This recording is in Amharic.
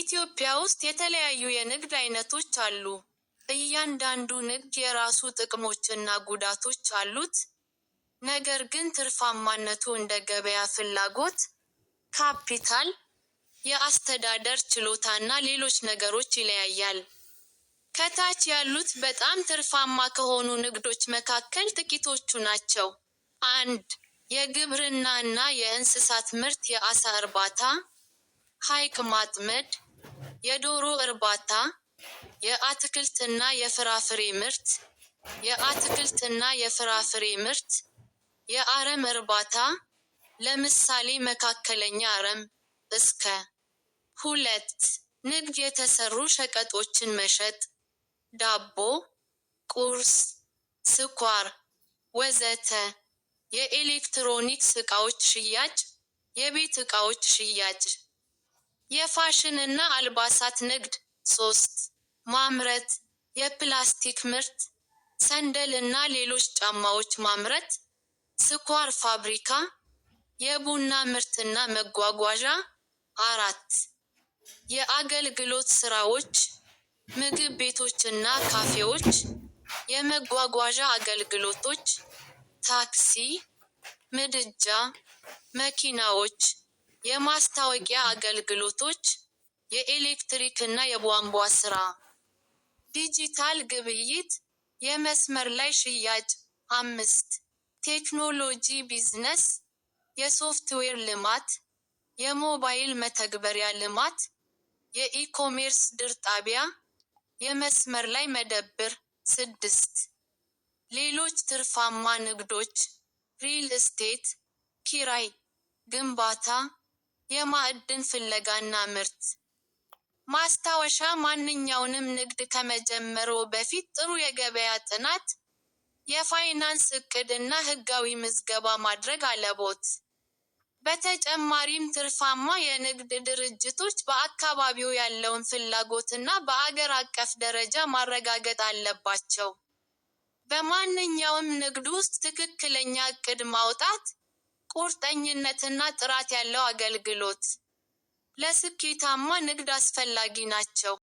ኢትዮጵያ ውስጥ የተለያዩ የንግድ አይነቶች አሉ። እያንዳንዱ ንግድ የራሱ ጥቅሞችና ጉዳቶች አሉት። ነገር ግን ትርፋማነቱ እንደ ገበያ ፍላጎት፣ ካፒታል፣ የአስተዳደር ችሎታና ሌሎች ነገሮች ይለያያል። ከታች ያሉት በጣም ትርፋማ ከሆኑ ንግዶች መካከል ጥቂቶቹ ናቸው። አንድ የግብርና እና የእንስሳት ምርት፣ የአሳ እርባታ ሐይቅ ማጥመድ፣ የዶሮ እርባታ፣ የአትክልትና የፍራፍሬ ምርት፣ የአትክልትና የፍራፍሬ ምርት፣ የአረም እርባታ፣ ለምሳሌ መካከለኛ አረም እስከ ሁለት ንግድ የተሰሩ ሸቀጦችን መሸጥ፣ ዳቦ፣ ቁርስ፣ ስኳር፣ ወዘተ። የኤሌክትሮኒክስ ዕቃዎች ሽያጭ፣ የቤት ዕቃዎች ሽያጭ የፋሽንና አልባሳት ንግድ። ሶስት ማምረት፣ የፕላስቲክ ምርት፣ ሰንደል እና ሌሎች ጫማዎች ማምረት፣ ስኳር ፋብሪካ፣ የቡና ምርትና መጓጓዣ። አራት የአገልግሎት ስራዎች፣ ምግብ ቤቶችና ካፌዎች፣ የመጓጓዣ አገልግሎቶች፣ ታክሲ፣ ምድጃ፣ መኪናዎች የማስታወቂያ አገልግሎቶች፣ የኤሌክትሪክ እና የቧንቧ ስራ፣ ዲጂታል ግብይት፣ የመስመር ላይ ሽያጭ። አምስት ቴክኖሎጂ ቢዝነስ፣ የሶፍትዌር ልማት፣ የሞባይል መተግበሪያ ልማት፣ የኢኮሜርስ ድር ጣቢያ፣ የመስመር ላይ መደብር። ስድስት ሌሎች ትርፋማ ንግዶች፣ ሪል ስቴት፣ ኪራይ፣ ግንባታ የማዕድን ፍለጋና ምርት ማስታወሻ ማንኛውንም ንግድ ከመጀመሩ በፊት ጥሩ የገበያ ጥናት፣ የፋይናንስ እቅድ እና ህጋዊ ምዝገባ ማድረግ አለቦት። በተጨማሪም ትርፋማ የንግድ ድርጅቶች በአካባቢው ያለውን ፍላጎት እና በአገር አቀፍ ደረጃ ማረጋገጥ አለባቸው። በማንኛውም ንግድ ውስጥ ትክክለኛ እቅድ ማውጣት ቁርጠኝነትና ጥራት ያለው አገልግሎት ለስኬታማ ንግድ አስፈላጊ ናቸው።